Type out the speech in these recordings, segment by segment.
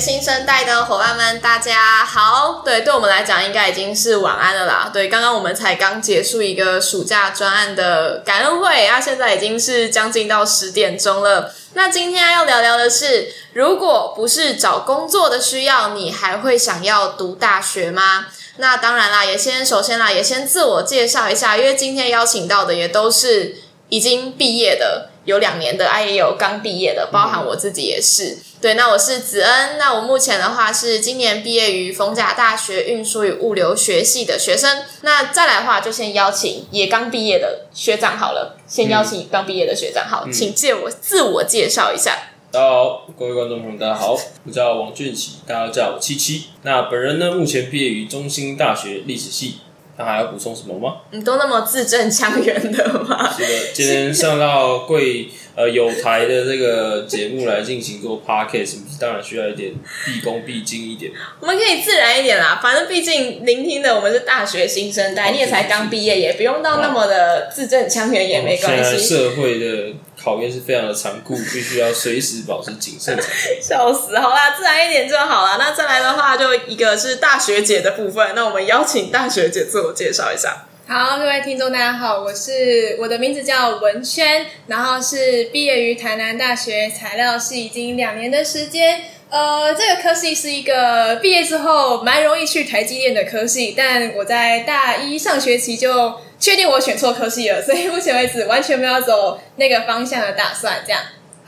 新生代的夥伴們，大家好！對，對我們來講，應該已經是晚安了啦。對，剛剛我們才剛結束一個暑假專案的感恩會啊，現在已經是將近到十點鐘了。那今天要聊聊的是，如果不是找工作的需要，你還會想要讀大學嗎？那當然啦，也先首先啦，也先自我介紹一下，因為今天邀請到的也都是已經畢業的。有兩年的，啊，也有剛畢業的，包含我自己也是。嗯、對，那我是子恩，那我目前的話是今年畢業於逢甲大學運輸與物流學系的學生。那再來的話，就先邀請也剛畢業的學長好了，先邀請剛畢業的學長好，嗯、請介我自我介紹一下，嗯。大家好，各位觀眾朋友大家好，我叫王俊喜，大家叫我七七。那本人呢，目前畢業於中興大學歷史系。他還要補充什麼嗎？你都那麼字正腔圓的嗎？是的，今天上到貴呃有台的這個節目來進行做 Podcast 是不是？當然需要一點畢恭畢敬一點。我們可以自然一點啦，反正畢竟聆聽的我們是大學新生代，但你也才剛畢業，也不用到那麼的字正腔圓，也沒關係。哦、社會的。考驗是非常的殘酷，必須要隨時保持謹慎，。 笑死，好啦，自然一點就好了。那再來的話，就一個是大學姐的部分。那我們邀請大學姐自我介紹一下。好，各位聽眾，大家好，我是我的名字叫文軒，然後是畢業於台南大學材料系，已經兩年的時間。呃，這個科系是一個畢業之後蠻容易去台積電的科系，但我在大一上學期就。確定我選錯科系了，所以目前為止完全沒有走那個方向的打算，這樣。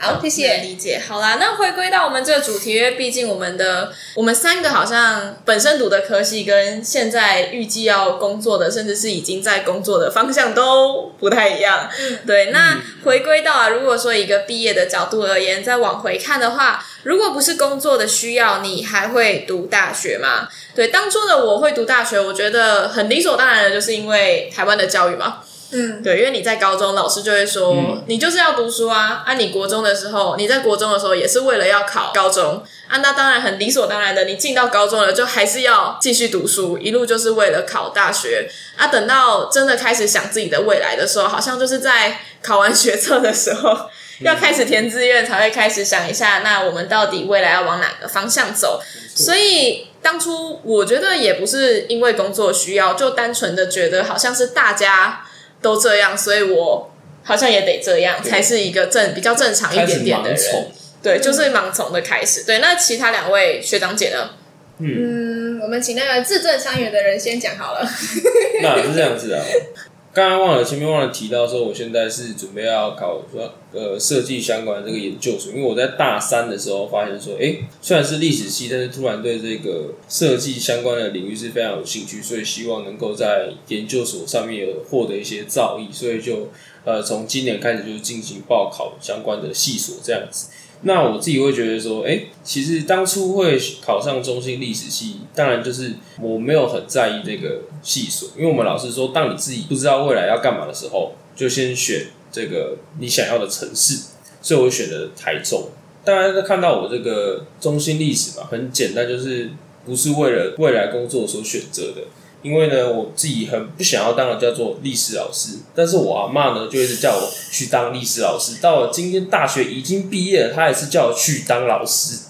好，謝謝理解。好啦，那回歸到我們這個主題，畢竟我們的我們三個好像本身讀的科系跟現在預計要工作的，甚至是已經在工作的方向都不太一樣。對，那回歸到啊，如果說一個畢業的角度而言，再往回看的話，如果不是工作的需要，你還會讀大學嗎？對，當初的我會讀大學，我覺得很理所當然的，就是因為台灣的教育嘛。嗯，對，因為你在高中老師就會說，嗯、你就是要讀書啊。啊，你國中的時候，你在國中的時候也是為了要考高中啊。那當然很理所當然的，你進到高中了，就還是要繼續讀書，一路就是為了考大學啊。等到真的開始想自己的未來的時候，好像就是在考完學測的時候，嗯、要開始填志願，才會開始想一下，那我們到底未來要往哪個方向走。嗯、所以當初我覺得也不是因為工作需要，就單純的覺得好像是大家，都這樣，所以我好像也得這樣，對才是一個正比較正常一點點的人。盲對，就是盲從的開始。嗯、對，那其他兩位學長姐呢？嗯,嗯，我們請那個字正腔圓的人先講好了。那不是這樣子的、啊。 剛剛忘了，前面忘了提到說，我現在是準備要考說呃設計相關的這個研究所，因為我在大三的時候發現說，哎、欸，雖然是歷史系，但是突然對這個設計相關的領域是非常有興趣，所以希望能夠在研究所上面有獲得一些造詣，所以就呃從今年開始就進行報考相關的系所這樣子。那我自己會覺得說，哎，其實當初會考上中興歷史系，當然就是我沒有很在意這個系所，因為我們老師說，當你自己不知道未來要幹嘛的時候，就先選這個你想要的城市，所以我選的台中。當然，看到我這個中興歷史嘛，很簡單，就是不是為了未來工作所選擇的。因為呢，我自己很不想要當的叫做歷史老師，但是我阿嬤呢，就一直叫我去當歷史老師。到了今天大學已經畢業了，她還是叫我去當老師。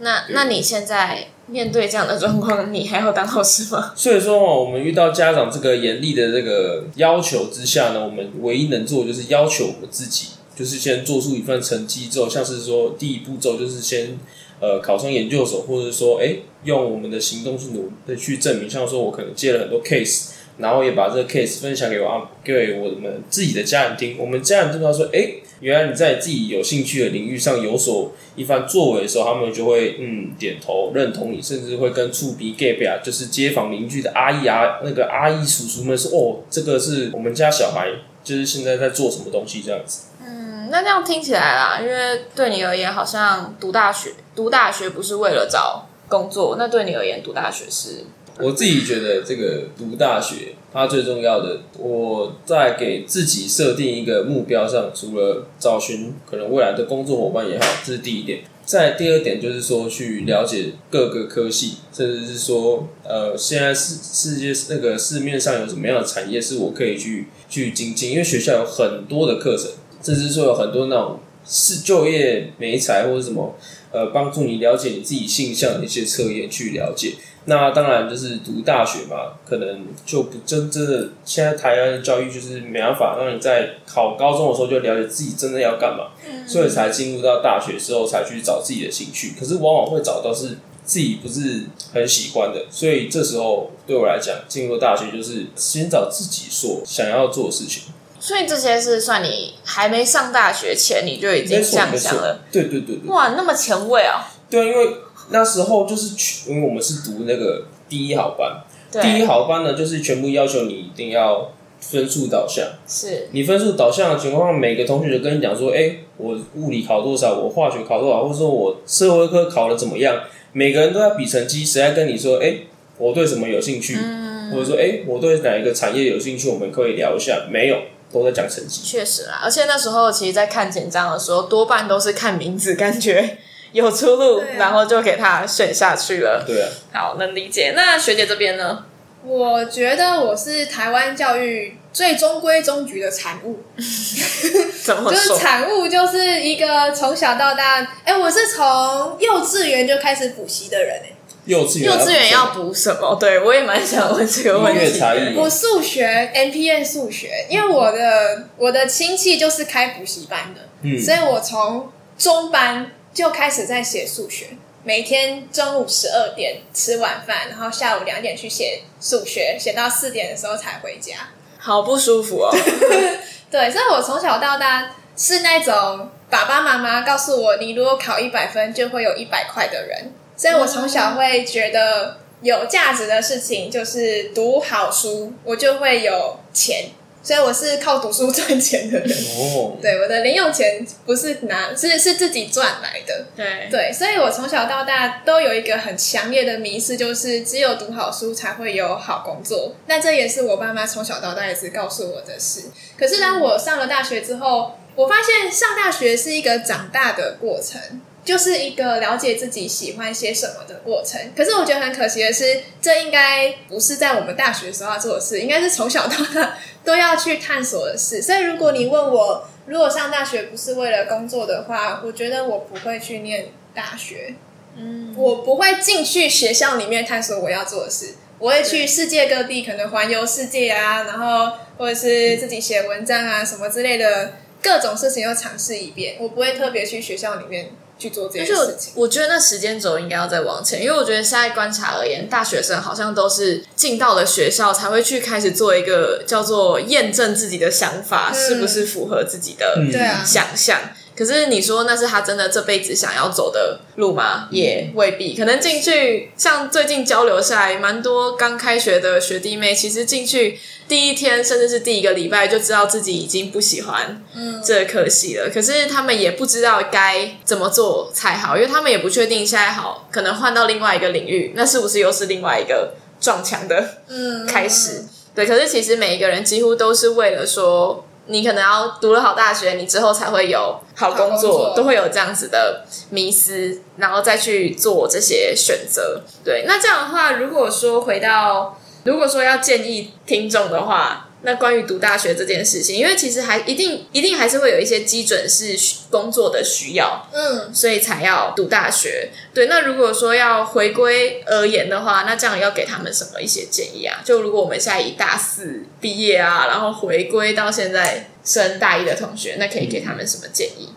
那，那你現在面對這樣的狀況，你還要當老師嗎？所以說哦，我們遇到家長這個嚴厲的這個要求之下呢，我們唯一能做的就是要求我們自己，就是先做出一份成績之後，像是說第一步驟就是先。呃，考上研究所，或者說，哎、欸，用我們的行動去努力去證明，像說，我可能接了很多 case，然後也把這個 case 分享給我啊，給我們自己的家人聽。我們家人知道說，哎、欸，原來你在自己有興趣的領域上有所一番作為的時候，他們就會嗯點頭認同你，甚至會跟厝邊隔壁啊，就是街坊鄰居的阿姨啊，那個阿姨叔叔們說，哦，這個是我們家小孩，就是現在在做什麼東西這樣子。嗯，那這樣聽起來啦，因為對你而言，好像讀大學。讀大學不是為了找工作，那對你而言，讀大學是？我自己覺得這個讀大學，它最重要的，我在給自己設定一個目標上，除了找尋可能未來的工作夥伴也好，這是第一點。再第二點，就是說去了解各個科系，甚至是說，呃，現在世世界那個市面上有什麼樣的產業是我可以去去精進，因為學校有很多的課程，甚至說有很多那種。是就業、沒才，或者什麼，呃，幫助你了解你自己性向的一些測驗去了解那當然就是讀大學嘛，可能就不真真的。現在台灣的教育就是沒辦法讓你在考高中的時候就了解自己真的要幹嘛，所以才進入到大學之後才去找自己的興趣。可是往往會找到是自己不是很喜歡的，所以這時候對我來講，進入大學就是先找自己所想要做的事情。所以這些是算你還沒上大學前你就已經這樣想了，對對對，哇，那麼前衛喔！對，因為那時候就是因為我們是讀那個第一好班，對，第一好班呢，就是全部要求你一定要分數導向。是你分數導向的情況下，每個同學就跟你講說：“欸，我物理考多少？我化學考多少？或者說我社會科考得怎麼樣？”每個人都要比成績，誰來跟你說：“欸，我對什麼有興趣？”嗯。或者說：“欸，我對哪一個產業有興趣？我們可以聊一下。”沒有。都在講成績，確實啊！而且那時候其實，在看簡章的時候，多半都是看名字，感覺有出路，啊、然後就給他選下去了。對啊，好能理解。那學姐這邊呢？我覺得我是台灣教育最中規中矩的產物，怎麼說 就是產物，就是一個從小到大，哎、欸，我是從幼稚園就開始補習的人哎、欸。幼稚園要補什,什麼？對，我也蠻想問這個問題。我數學，NPN 數學，因為我的我的親戚就是開補習班的，嗯，所以我從中班就開始在寫數學，每天中午十二點吃晚飯，然後下午兩點去寫數學，寫到四點的時候才回家，好不舒服哦。 對，所以我從小到大是那種爸爸媽媽告訴我，你如果考一百分，就會有一百塊的人。所以，我從小會覺得有價值的事情就是讀好書，我就會有錢。所以，我是靠讀書賺錢的人。哦、對，我的零用錢不是拿，是是自己賺來的。對、哎、對，所以我從小到大都有一個很強烈的迷思，就是只有讀好書才會有好工作。那這也是我爸媽從小到大一直告訴我的事。可是，當我上了大學之後，我發現上大學是一個長大的過程。就是一個了解自己喜歡些什麼的過程。可是我覺得很可惜的是，這應該不是在我們大學的時候要做的事，應該是從小到大都要去探索的事。所以如果你問我，如果上大學不是為了工作的話，我覺得我不會去念大學。嗯，我不會進去學校裡面探索我要做的事。我會去世界各地，嗯、可能環遊世界啊，然後或者是自己寫文章啊、嗯、什麼之類的，各種事情要嘗試一遍。我不會特別去學校裡面。去做這件事情，我，我覺得那時間軸應該要再往前，因為我覺得現在觀察而言，大學生好像都是進到了學校才會去開始做一個叫做驗證自己的想法、嗯、是不是符合自己的、嗯、想象可是你說那是他真的這輩子想要走的路嗎？也未必，嗯、可能進去是像最近交流下來，蠻多剛開學的學弟妹，其實進去第一天甚至是第一個禮拜就知道自己已經不喜歡，嗯，這可惜了。可是他們也不知道該怎麼做才好，因為他們也不確定現在好，可能換到另外一個領域，那是不是又是另外一個撞牆的，嗯，開始對。可是其實每一個人幾乎都是為了說。你可能要讀了好大學，你之後才會有好工作，工作都會有這樣子的迷思，然後再去做這些選擇。對，那這樣的話，如果說回到，如果說要建議聽眾的話，那關於讀大學這件事情，因為其實還一定一定還是會有一些基準是工作的需要，嗯，所以才要讀大學。對，那如果說要回歸而言的話，那這樣要給他們什麼一些建議啊？就如果我們現在已大四畢業啊，然後回歸到現在。升大一的同學，那可以給他們什麼建議？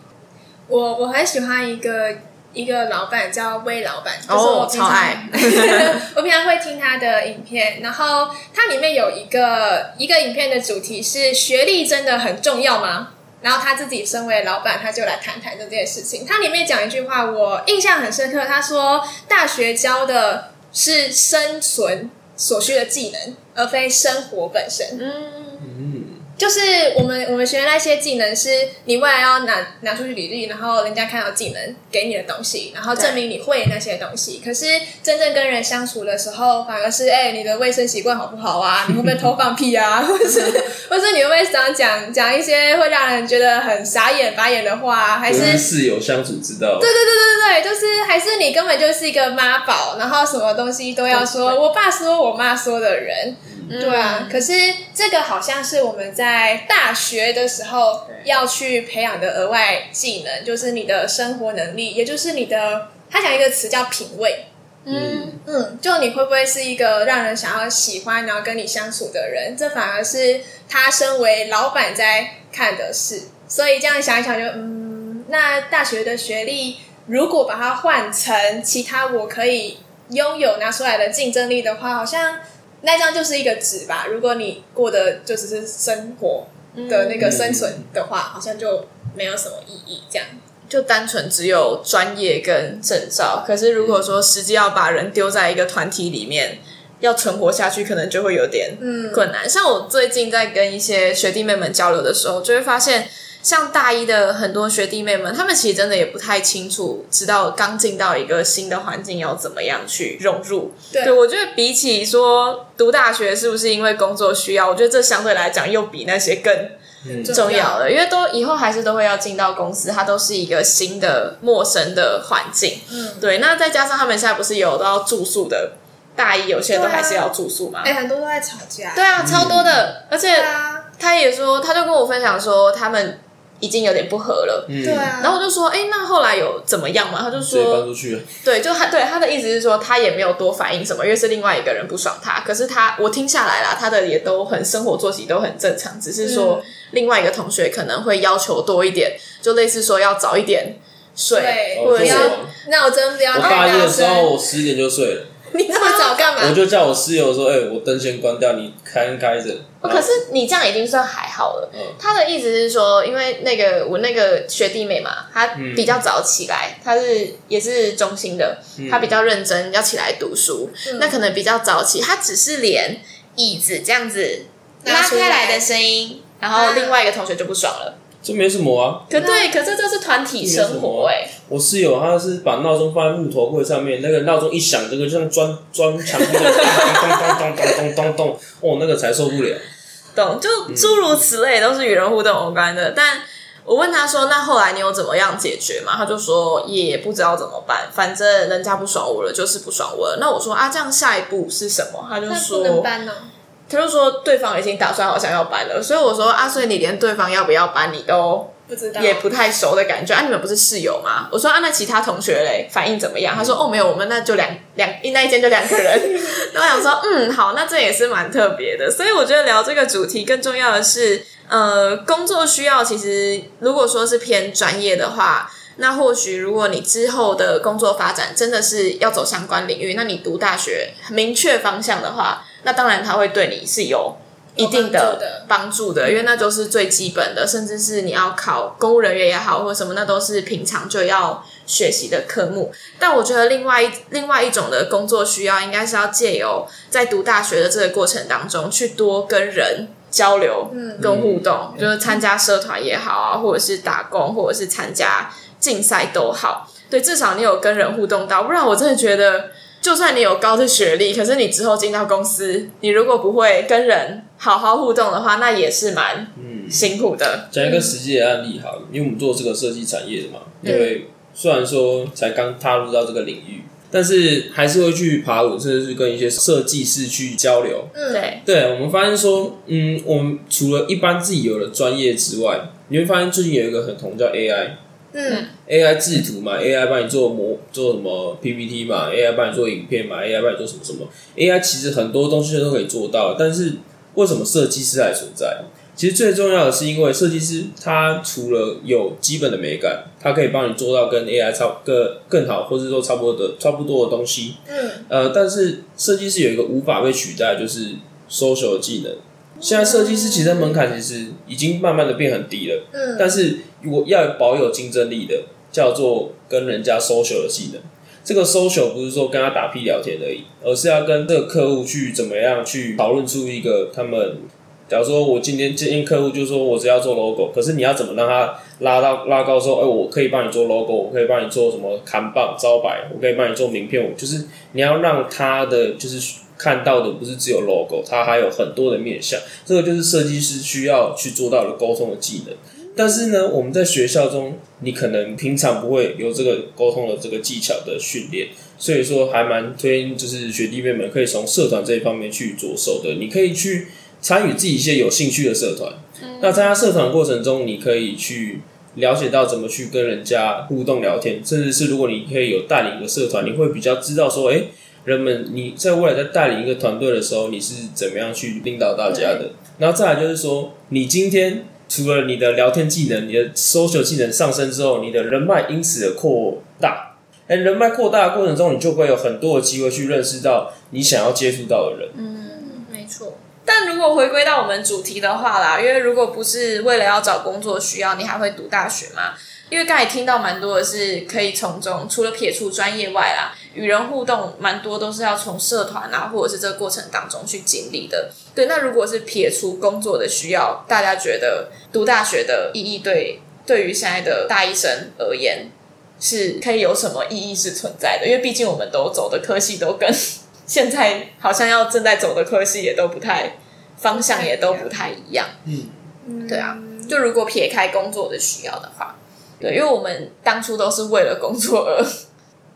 我我很喜歡一個一個老板叫魏老板，就是我、哦、超愛。 我平常會聽他的影片，然後他裡面有一個一個影片的主題是“學歷真的很重要嗎？”然後他自己身為老板，他就來談談這件事情。他裡面講一句話，我印象很深刻。他說：“大學教的是生存所需的技能，而非生活本身。”嗯。就是我們我們學的那些技能，是你未來要拿拿出去履歷，然後人家看到技能給你的東西，然後證明你會那些東西。對可是真正跟人相處的時候，反而是哎、欸，你的衛生習慣好不好啊？你會不會偷放屁啊？ 或者或者你會不會想講講一些會讓人覺得很傻眼、白眼的話？還是室友相處之道？對對對對對，就是還是你根本就是一個媽寶，然後什麼東西都要說我爸說、我媽說的人。對啊，嗯，可是這個好像是我們在大學的時候要去培養的額外技能，就是你的生活能力，也就是你的。他講一個詞叫品味，嗯嗯，就你會不會是一個讓人想要喜歡然後跟你相處的人？這反而是他身為老闆在看的事。所以這樣想一想就，就嗯，那大學的學歷如果把它換成其他我可以擁有拿出來的競爭力的話，好像。那張就是一個紙吧。如果你過的就只是生活的那個生存的話，嗯、好像就沒有什麼意義。這樣就單純只有專業跟證照。可是如果說實際要把人丟在一個團體裡面，要存活下去，可能就會有點困難。嗯、像我最近在跟一些學弟妹們交流的時候，就會發現。像大一的很多學弟妹們，他們其實真的也不太清楚，知道剛進到一個新的環境要怎麼樣去融入。對，對，我覺得比起說讀大學是不是因為工作需要，我覺得這相對來講又比那些更重要了，要因為都以後還是都會要進到公司，它都是一個新的陌生的環境。嗯，對。那再加上他們現在不是有都要住宿的，大一有些人都還是要住宿嘛？哎、啊欸，很多都在吵架。對啊，超多的，嗯、而且、啊、他也說，他就跟我分享說他們。已經有點不合了，對啊，嗯。然後我就說，哎、欸，那後來有怎麼樣嗎？他就說搬出去。對，就他對他的意思是說，他也沒有多反應什麼，因為是另外一個人不爽他。可是他我聽下來啦，他的也都很生活作息都很正常，只是說、嗯、另外一個同學可能會要求多一點，就類似說要早一點睡，對。我要那我真的不要太大聲。我大一的時候，我十點就睡了。你這麼早幹嘛？我就叫我室友說：“哎、欸，我燈先關掉，你開開着。啊”可是你這樣已經算還好了。嗯、他的意思是說，因為那個我那個學弟妹嘛，他比較早起來，嗯、他是也是中心的，嗯、他比較認真要起來讀書，嗯、那可能比較早起，他只是連椅子這樣子拉開來的聲音，然後另外一個同學就不爽了。這沒什麼啊，可對，嗯、可是這是團體生活哎、啊。欸、我室友他是把鬧鐘放在木頭櫃上面，那個鬧鐘一響，這個就像鑽鑽牆，互咚咚咚咚咚咚咚，哦，那個才受不了。懂，就諸如此類都是與人互動無關的。嗯、但我問他說：“那後來你有怎麼樣解決嘛？”他就說：“也不知道怎麼辦，反正人家不爽我了，就是不爽我了。”那我說：“啊，這樣下一步是什麼？”他就說：“不能搬呢、啊。”他就說對方已經打算好像要搬了，所以我說啊，所以你連對方要不要搬你都不知道，也不太熟的感覺啊。你們不是室友嗎？我說啊，那其他同學嘞反應怎麼樣？他說哦，沒有，我們那就兩兩一那一間就兩個人。那 我想說嗯，好，那這也是蠻特別的。所以我覺得聊這個主題更重要的是，呃，工作需要其實如果說是偏專業的話，那或許如果你之後的工作發展真的是要走相關領域，那你讀大學明確方向的話。那當然，他會對你是有一定的幫助的，嗯、因為那都是最基本的，嗯、甚至是你要考公務人員也好，或者什麼，那都是平常就要學習的科目。但我覺得另外一另外一種的工作需要，應該是要借由在讀大學的這個過程當中，去多跟人交流、嗯、跟互動，嗯、就是參加社團也好啊，或者是打工，或者是參加競賽都好。對，至少你有跟人互動到，不然我真的覺得。就算你有高的學歷，可是你之後進到公司，你如果不會跟人好好互動的話，那也是蠻辛苦的。講、嗯、一個實際的案例好了，嗯、因為我們做這個設計產業的嘛，嗯、因為雖然說才剛踏入到這個領域，但是還是會去爬文，甚至是跟一些設計師去交流。嗯，對，對我們發現說，嗯，我們除了一般自己有的專業之外，你會發現最近有一個很紅叫 AI。嗯，AI 製圖嘛，AI 幫你做模，做什麼 PPT 嘛，AI 幫你做影片嘛，AI 幫你做什麼什麼，AI 其實很多東西都可以做到，但是為什麼設計師還存在？其實最重要的是因為設計師他除了有基本的美感，他可以幫你做到跟 AI 差更更好，或者說差不多的差不多的東西。嗯，呃，但是設計師有一個無法被取代，就是 social 技能。現在設計師其實門檻其實已經慢慢的變很低了，嗯，但是如果要保有競爭力的，叫做跟人家 social 的技能。這個 social 不是說跟他打屁聊天而已，而是要跟這個客戶去怎麼樣去討論出一個他們。假如說我今天今天客戶就是說，我只要做 logo，可是你要怎麼讓他拉到拉高說，哎、欸，我可以幫你做 logo，我可以幫你做什麼扛棒招牌，我可以幫你做名片，就是你要讓他的就是。看到的不是只有 logo，它還有很多的面向，這個就是設計師需要去做到的溝通的技能。但是呢，我們在學校中，你可能平常不會有這個溝通的這個技巧的訓練，所以說還蠻推，就是學弟妹們可以從社團這一方面去着手的。你可以去參與自己一些有興趣的社團，嗯、那在他社團過程中，你可以去了解到怎麼去跟人家互動聊天，甚至是如果你可以有帶領一個社團，你會比較知道說，誒、欸。人們，你在未來在帶領一個團隊的時候，你是怎麼樣去領導大家的？然後再來就是說，你今天除了你的聊天技能、你的 social 技能上升之後，你的人脈因此的擴大。哎、欸，人脈擴大的過程中，你就會有很多的機會去認識到你想要接觸到的人。嗯，沒錯。但如果回歸到我們主題的話啦，因為如果不是為了要找工作需要，你還會讀大學嗎？因為剛才聽到蠻多的是可以從中除了撇除專業外啦。與人互動蠻多，都是要從社團啊，或者是這個過程當中去經歷的。對，那如果是撇除工作的需要，大家覺得讀大學的意義，對，對對於現在的大一生而言，是可以有什麼意義是存在的？因為畢竟我們都走的科系都跟現在好像要正在走的科系也都不太方向，也都不太一樣。嗯，對啊，就如果撇開工作的需要的話，對，因為我們當初都是為了工作而，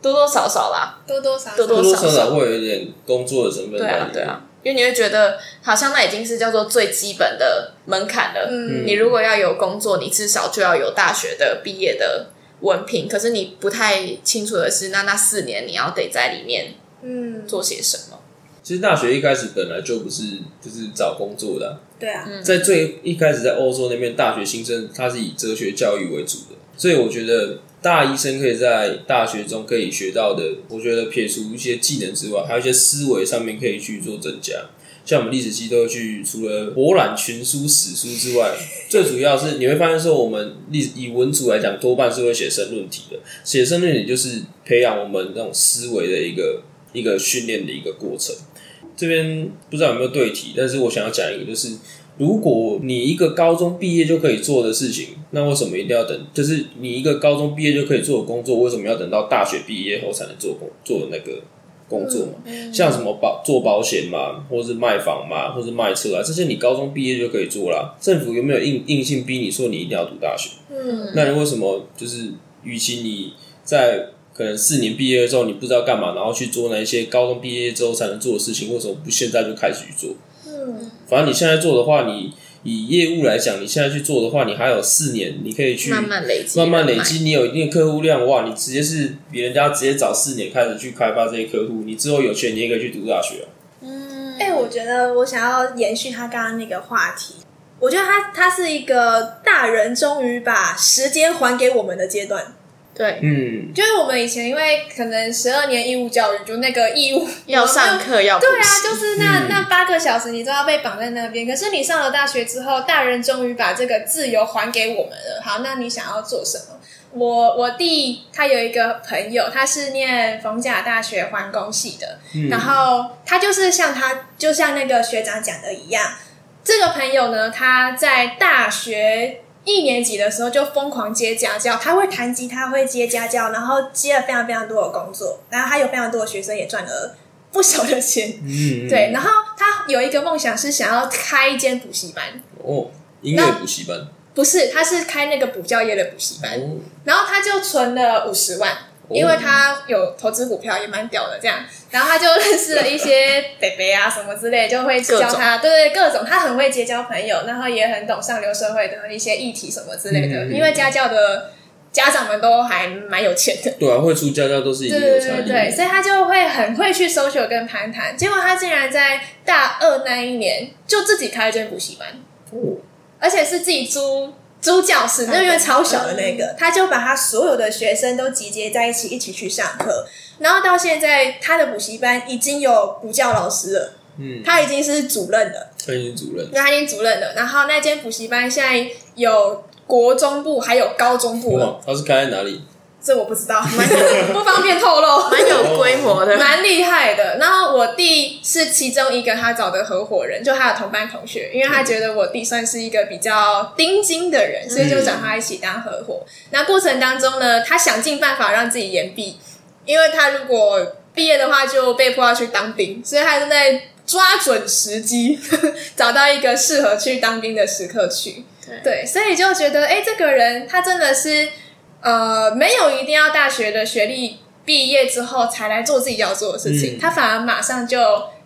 多多少少啦，多多少少，多多少少，多多少少會有一點工作的成分在裡面。對啊，對啊，因為你會覺得好像那已經是叫做最基本的門檻了。嗯，你如果要有工作，你至少就要有大學的畢業的文憑。可是你不太清楚的是那，那那四年你要得在裡面嗯做些什麼。嗯、其實大學一開始本來就不是就是找工作的、啊。對啊，在最一開始在歐洲那邊，大學新生他是以哲學教育為主的，所以我覺得。大醫生可以在大學中可以學到的，我覺得撇除一些技能之外，還有一些思維上面可以去做增加。像我們歷史系都會去，除了博覽群書、史書之外，最主要是你會發現說，我們歷以文組來講，多半是會寫申論題的。寫申論題就是培養我們那種思維的一個一個訓練的一個過程。這邊不知道有沒有對題，但是我想要講一個，就是如果你一個高中畢業就可以做的事情。那為什麼一定要等？就是你一個高中畢業就可以做的工作，為什麼要等到大學畢業後才能做工做的那個工作嘛？嗯、像什麼保做保險嘛，或是賣房嘛，或是賣車啊，這些你高中畢業就可以做啦。政府有沒有硬硬性逼你說你一定要讀大學？嗯、那你為什麼就是？與其你在可能四年畢業之後你不知道幹嘛，然後去做那一些高中畢業之後才能做的事情，為什麼不現在就開始去做？嗯，反正你現在做的話，你。以業務來講，你現在去做的話，你還有四年，你可以去慢，慢慢累積，慢慢累積，你有一定的客戶量，哇，你直接是別人家直接早四年開始去開發這些客戶，你之後有錢，你也可以去讀大學。嗯，哎、欸，我覺得我想要延續他剛剛那個話題，我覺得他他是一個大人，終於把時間還給我們的階段。對，嗯，就是我們以前因為可能十二年義務教育，就那個義務要上課要 對啊，就是那、嗯、就是那那八個小時，你都要被綁在那邊。可是你上了大學之後，大人終於把這個自由還給我們了。好，那你想要做什麼？我我弟他有一個朋友，他是念逢甲大學環工系的，嗯、然後他就是像他就像那個學長講的一樣，這個朋友呢，他在大學。一年級的時候就瘋狂接家教，他會彈吉他，會接家教，然後接了非常非常多的工作，然後他有非常多的學生也賺了不少的錢，嗯嗯對。然後他有一個夢想是想要開一間補習班，哦，音樂補習班不是，他是開那個補教業的補習班，哦。然後他就存了五十萬。因為他有投資股票，也蠻屌的這樣。然後他就認識了一些北北啊什麼之類，就會教他，各種對，對各種。他很會結交朋友，然後也很懂上流社會的一些議題什麼之類的。嗯、因為家教的家長們都還蠻有錢的，對啊，會出家教都是一差的對對對對，所以他就會很會去 social 跟攀談。結果他竟然在大二那一年就自己開一間補習班，哦，而且是自己租。租教室，那間超小的那個，他就把他所有的學生都集結在一起，一起去上課。然後到現在，他的補習班已經有補教老師了，嗯，他已經是主任了，他已經主任，嗯，他已經主任了。然後那間補習班現在有國中部，還有高中部了，嗯。他是開在哪裡？這我不知道，蠻不方便透露， 蠻有規模的，蠻厲害的。然後我弟是其中一個他找的合夥人，就他的同班同學，因為他覺得我弟算是一個比較丁金的人，嗯、所以就找他一起當合夥。嗯、那過程當中呢，他想盡辦法讓自己延畢，因為他如果畢業的話就被迫要去當兵，所以他正在抓準時機，找到一個適合去當兵的時刻去。對，對，所以就覺得，哎，這個人他真的是。呃，沒有一定要大學的學歷畢業之後才來做自己要做的事情，嗯、他反而馬上就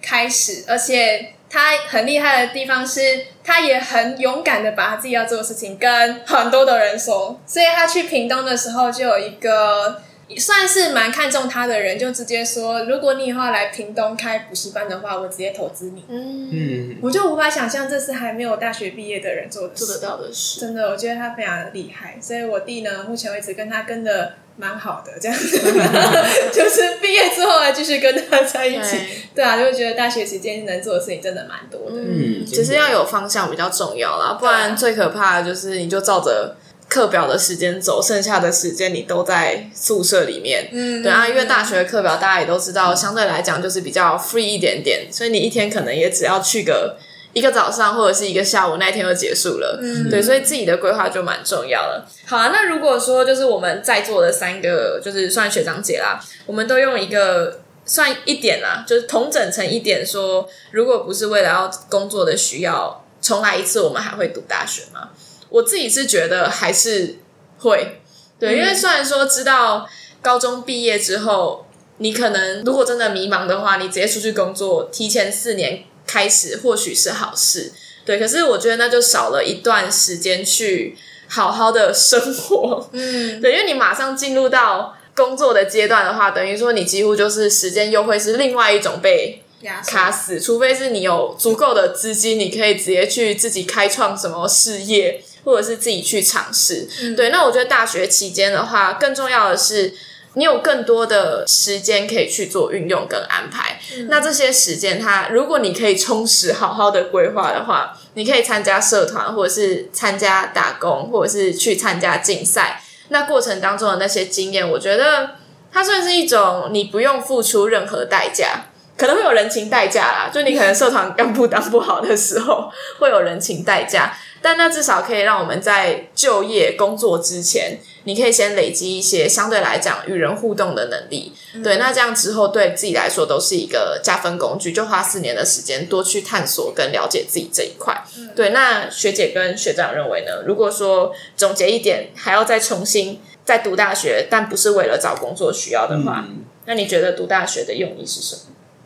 開始，而且他很厲害的地方是他也很勇敢的把他自己要做的事情跟很多的人說，所以他去屏東的時候就有一個。也算是蠻看重他的人，就直接說：如果你以後要來屏東開補習班的話，我直接投資你。嗯，我就無法想象這是還沒有大學畢業的人做的，做得到的事。真的，我覺得他非常的厲害。所以我弟呢，目前為止跟他跟的蠻好的，這樣子。嗯、 就是畢業之後還繼續跟他在一起。嗯、對啊，就會覺得大學期間能做的事情真的蠻多的。嗯，只是要有方向比較重要啦，不然最可怕的就是你就照着。課表的時間走，剩下的時間你都在宿舍裡面，嗯，對啊，因為大學的課表、嗯、大家也都知道，相對來講就是比較 free 一點點，所以你一天可能也只要去個一個早上或者是一個下午，那一天就結束了，嗯，對，所以自己的規劃就蠻重要了。好啊，那如果說就是我們在座的三個，就是算學長姐啦，我們都用一個算一點啦，就是統整成一點說，如果不是為了要工作的需要，重來一次，我們還會讀大學嗎？我自己是覺得還是會，對，因為雖然說知道高中畢業之後，你可能如果真的迷茫的話，你直接出去工作，提前四年開始或許是好事，對，可是我覺得那就少了一段時間去好好的生活，嗯，對，因為你馬上進入到工作的階段的話，等於說你幾乎就是時間又會是另外一種被卡死，實除非是你有足夠的資金，你可以直接去自己開創什麼事業。或者是自己去嘗試，對。那我覺得大學期間的話，更重要的是你有更多的時間可以去做運用跟安排。那這些時間，它，如果你可以充實好好的規劃的話，你可以參加社團，或者是參加打工，或者是去參加競賽。那過程當中的那些經驗，我覺得它算是一種你不用付出任何代價，可能會有人情代價啦。就你可能社團幹部當不好的時候，會有人情代價。但那至少可以讓我們在就業工作之前，你可以先累積一些相對來講與人互動的能力、嗯。對，那這樣之後對自己來說都是一個加分工具。就花四年的時間多去探索跟了解自己這一塊。嗯、對，那學姐跟學長認為呢？如果說總結一點，還要再重新再讀大學，但不是為了找工作需要的話，嗯、那你覺得讀大學的用意是什麼？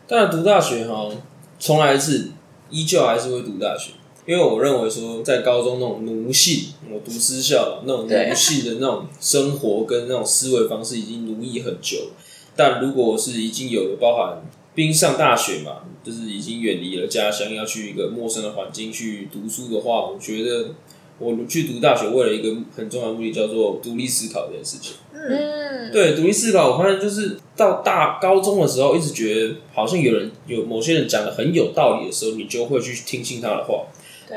但讀大學哈，從來是依舊還是會讀大學。因為我認為說，在高中那種奴性，我讀私校，那種奴性的那種生活跟那種思維方式，已經奴役很久。但如果是已經有了包含，並上大學嘛，就是已經遠離了家鄉，要去一個陌生的環境去讀書的話，我覺得我去讀大學，為了一個很重要的目的，叫做獨立思考這件事情。嗯，對，獨立思考，我發現就是到大高中的時候，一直覺得好像有人有某些人講的很有道理的時候，你就會去聽信他的話。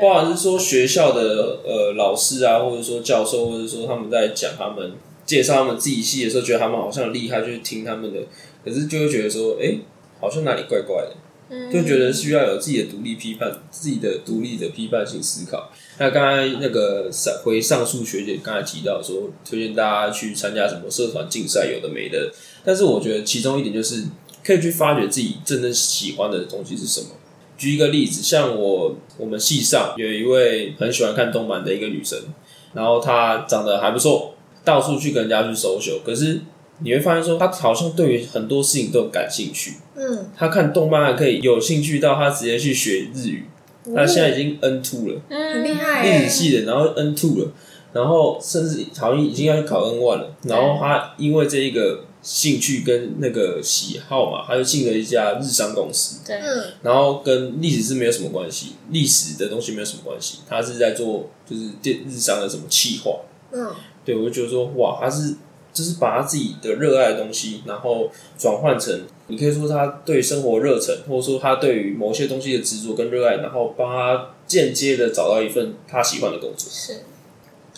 不管是說學校的呃老師啊，或者說教授，或者說他們在講他們介紹他們自己系的時候，覺得他們好像很厲害，就聽他們的，可是就會覺得說，哎、欸，好像哪裡怪怪的，就覺得需要有自己的獨立批判，自己的獨立的批判性思考。那剛才那個上回上述學姐剛才提到說，推薦大家去參加什麼社團競賽，有的沒的，但是我覺得其中一點就是可以去發掘自己真正喜歡的東西是什麼。舉一個例子，像我，我們系上有一位很喜歡看動漫的一個女生，然後她長得還不錯，到處去跟人家去 social。可是你會發現說，她好像對於很多事情都感興趣。嗯，她看動漫還可以有興趣到她直接去學日語，嗯、她現在已經 N two 了，嗯、很厲害，歷史系的，然後 N two 了，然後甚至好像已經要去考 N one 了。然後她因為這一個。興趣跟那個喜好嘛，他就進了一家日商公司，對，嗯、然後跟歷史是沒有什麼關係，歷史的東西沒有什麼關係，他是在做就是電日商的什麼企劃，嗯，對我就覺得說哇，他是就是把他自己的熱愛的東西，然後轉換成，你可以說他對生活熱忱，或者說他對於某些東西的執着跟熱愛，然後幫他間接的找到一份他喜歡的工作，是。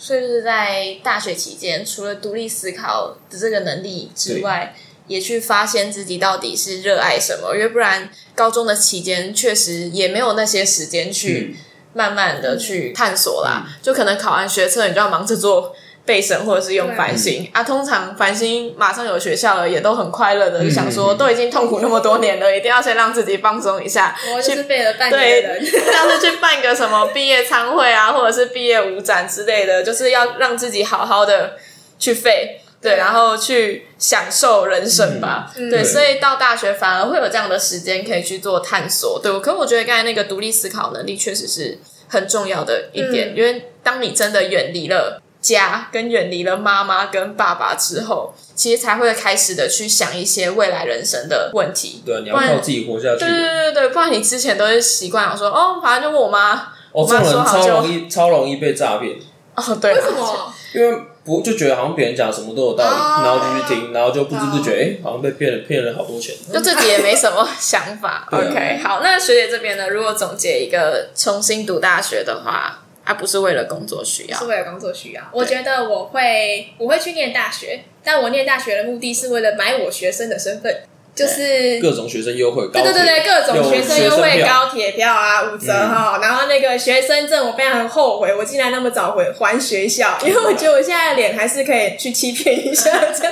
所以就是在大學期間，除了獨立思考的這個能力之外，對也去發現自己到底是熱愛什麼，因為不然高中的期間確實也沒有那些時間去慢慢的去探索啦，嗯、就可能考完學測你就要忙着做。背神，或者是用繁星啊，通常繁星馬上有學校了，也都很快樂的想說，都已經痛苦那麼多年了，一定要先讓自己放鬆一下，去廢了半年的。對，像是去辦個什麼畢業餐會啊，或者是畢業舞展之類的，就是要讓自己好好的去廢，對，然後去享受人生吧。對，所以到大學反而會有這樣的時間可以去做探索。對，我，可我覺得剛才那個獨立思考能力確實是很重要的一點，因為當你真的遠離了。家跟遠離了媽媽跟爸爸之後，其實才會開始的去想一些未來人生的問題。對、啊，你要靠自己活下去。不對，對,對，不然你之前都是習慣，我說哦，反正就問我媽。哦、我媽說好這種人超容易，超容易被詐騙。哦，對。為什麼？因為不就覺得好像別人講什麼都有道理，然後就去聽，然後就不知不覺，哎、啊欸，好像被騙了，騙了好多錢。就自己也沒什麼想法。 啊、OK，好，那學姐這邊呢？如果總結一個重新讀大學的話。而、啊、不是為了工作需要，是為了工作需要。對我覺得我會，我會去念大學，但我念大學的目的是為了買我學生的身份。對就是各種學生優惠高，對對對對，各種學生優惠高鐵票啊，票五折哈。嗯、然後那個學生證，我非常後悔，我竟然那麼早回還學校，因為我覺得我現在臉還是可以去欺騙一下。 這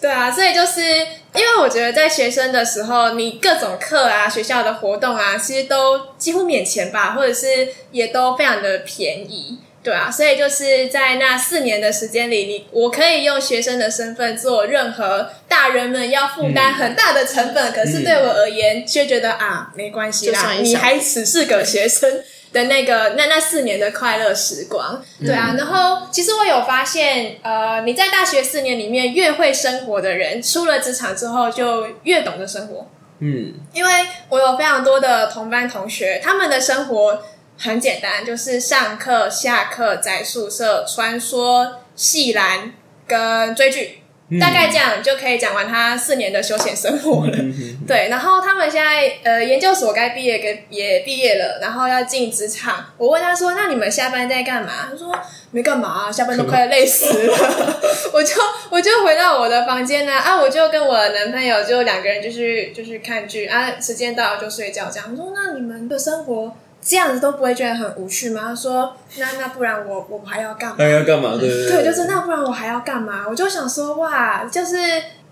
對啊，所以就是因為我覺得在學生的時候，你各種課啊、學校的活動啊，其實都幾乎免錢吧，或者是也都非常的便宜。對啊，所以就是在那四年的時間裡，你我可以用學生的身份做任何大人們要負擔很大的成本，嗯、可是對我而言卻、嗯、覺得啊，沒關係啦，算算你還只是個學生的那個對那那四年的快樂時光。對啊，嗯、然後其實我有發現，呃，你在大學四年裡面越會生活的人，出了職場之後就越懂得生活。嗯，因為我有非常多的同班同學，他們的生活。很簡單，就是上課、下課，在宿舍穿梭、系籃跟追劇，大概這樣就可以講完他四年的休閒生活了。嗯嗯嗯嗯、對，然後他們現在呃研究所該畢業給也畢業了，然後要進職場。我問他說：“那你們下班在幹嘛？”他說：“沒幹嘛，下班都快累死了。嗎” 我就我就回到我的房間呢，啊，我就跟我的男朋友就兩個人就是就是看劇啊，時間到了就睡覺。這樣我說：“那你們的生活？”這樣子都不會覺得很無趣嗎？他說：“那那不然我我還要幹嘛？那要幹嘛？對對對，對，對，就是那不然我還要幹嘛？我就想說哇，就是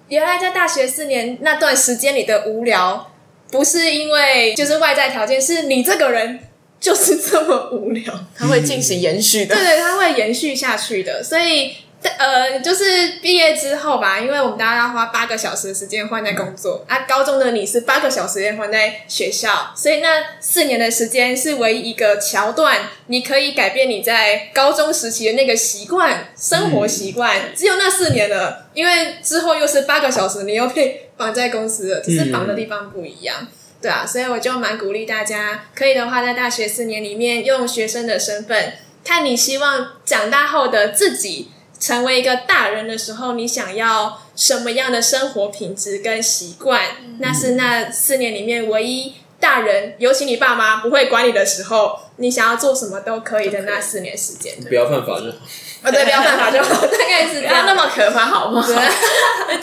原來在大學四年那段時間裡的無聊，不是因為就是外在條件，是你這個人就是這麼無聊，他會進行延續的， 對，對對，他會延續下去的，所以。”呃，就是畢業之後吧，因為我們大家要花八個小時的時間換在工作，嗯，啊，高中的你是八個小時在換在學校，所以那四年的時間是唯一一個橋段，你可以改變你在高中時期的那個習慣、生活習慣。嗯，只有那四年了，因為之後又是八個小時，你又被綁在公司了，只是綁的地方不一樣。嗯，對啊，所以我就蠻鼓勵大家，可以的話，在大學四年裡面用學生的身份，看你希望長大後的自己，成為一個大人的時候，你想要什麼樣的生活品質跟習慣？嗯、那是那四年裡面唯一大人，嗯、尤其你爸媽不會管你的時候，你想要做什麼都可以的那四年時間。不要犯法就好不對、， 哦、對，不要犯法就好。 大概是不要那麼可怕好不好？講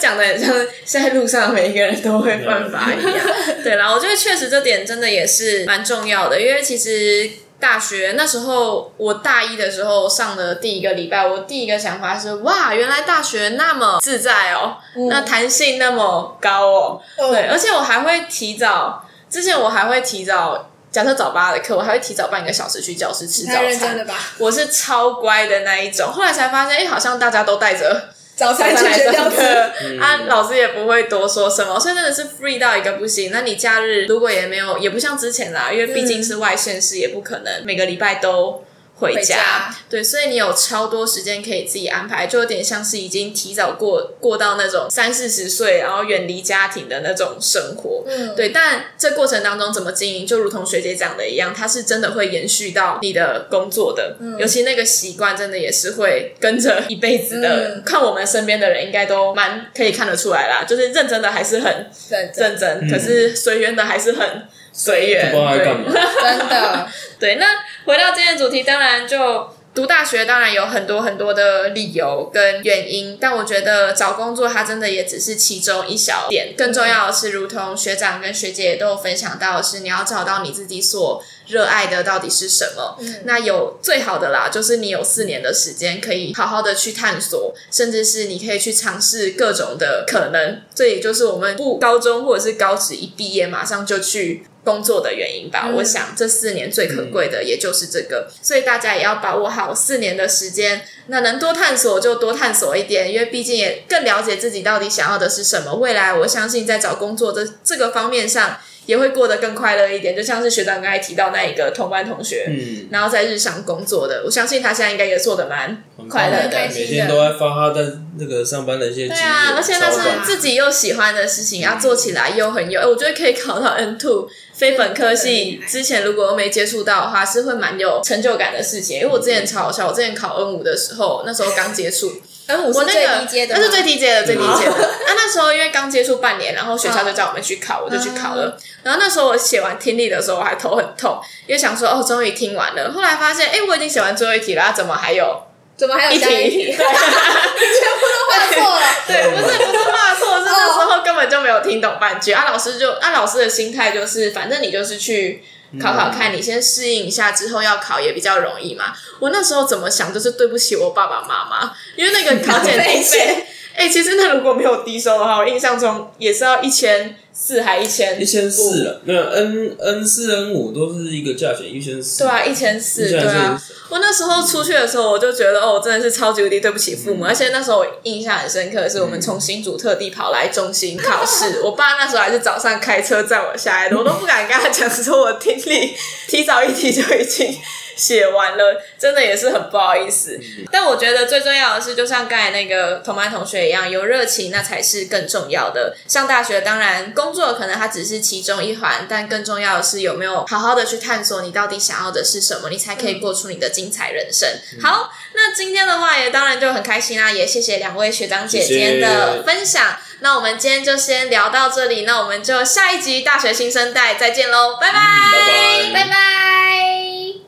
的 像現在路上每一個人都會犯法一樣。 對啦，我覺得確實這點真的也是蠻重要的，因為其實。大學那時候，我大一的時候上的第一個禮拜，我第一個想法是哇，原來大學那麼自在哦，嗯、那彈性那麼高哦，嗯、對，而且我還會提早，之前我還會提早，假設早八的課，我還會提早半個小時去教室吃早餐，我是超乖的那一種，後來才發現，哎、欸，好像大家都帶着。早上起來翹課啊，嗯、老師也不會多說什麼，所以真的是 free 到一個不行。那你假日如果也沒有，也不像之前啦，因為畢竟是外縣市，也不可能、嗯、每個禮拜都。回家，回家對，所以你有超多時間可以自己安排，就有點像是已經提早過過到那種三四十歲，然後遠離家庭的那種生活。嗯，對，但這過程當中怎麼經營，就如同學姐講的一樣，它是真的會延續到你的工作的，嗯，尤其那個習慣真的也是會跟着一輩子的。嗯，看我們身邊的人，應該都蠻可以看得出來啦，就是認真的還是很認真，認真。嗯，可是隨緣的還是很。隨緣，真的 對。那回到今天的主題，當然就讀大學，當然有很多很多的理由跟原因。但我覺得找工作，它真的也只是其中一小點。更重要的是，如同學長跟學姐都有分享到的是，你要找到你自己所熱愛的到底是什麼？嗯、那有最好的啦，就是你有四年的時間，可以好好的去探索，甚至是你可以去嘗試各種的可能。這也就是我們不高中或者是高職一畢業馬上就去工作的原因吧。嗯、我想這四年最可貴的也就是這個，嗯、所以大家也要把握好四年的時間。那能多探索就多探索一點，因為畢竟也更了解自己到底想要的是什麼。未來我相信在找工作的這個方面上。也會過得更快樂一點，就像是學長剛才提到那一個同班同學，嗯、然後在日商工作的，我相信他現在應該也做得蠻快樂、的。的對每天都在發他在那個上班的一些經歷，對啊，而且那是自己又喜歡的事情，要做起來又很有、欸，我覺得可以考到 N two 非本科系。之前如果沒接觸到的話，是會蠻有成就感的事情。因為我之前嘲笑，我之前考 N 五的時候，那時候剛接觸。嗯、我,是最低階的我那個那是最低階的最低階的那、啊、那時候因為剛接觸半年，然後學校就叫我們去考，oh. 我就去考了。然後那時候我寫完聽力的時候，我還頭很痛，也想說哦，終於聽完了。後來發現，哎、欸，我已經寫完最後一題了，怎麼還有？怎麼還有一題？一題對， 全部都畫錯了對。對，不是不是畫錯，oh. 是那時候根本就沒有聽懂半句。啊，老師就啊、啊、老師的心態，就是反正你就是去。考考看，你先適應一下，之後要考也比較容易嘛。我那時候怎麼想，就是對不起我爸爸媽媽，因為那個考前費。嗯那 哎、欸，其實那，如果沒有低收的話，我印象中也是要一千四還一千一千四啊！1400, 那 N N 四 N 五都是一個價錢一千四，1400, 對啊一千四，1400, 對啊。我那時候出去的時候，我就覺得哦，我真的是超級無敵對不起父母。嗯、而且那時候我印象很深刻的是，我們從新竹特地跑來中興考試，嗯、我爸那時候還是早上開車載我下來的， 我都不敢跟他講說我的聽力提早一題就已經。 寫完了，真的也是很不好意思。 但我覺得最重要的是，就像剛才那個同班同學一樣，有熱情那才是更重要的。上大學當然工作可能它只是其中一環，但更重要的是有沒有好好的去探索你到底想要的是什麼，你才可以過出你的精彩人生。嗯、好，那今天的話也當然就很開心啦、啊，也謝謝兩位學長姐姐的分享。謝謝。那我們今天就先聊到這裡，那我們就下一集大學新生代再見嘍，拜拜拜拜。嗯 bye bye bye bye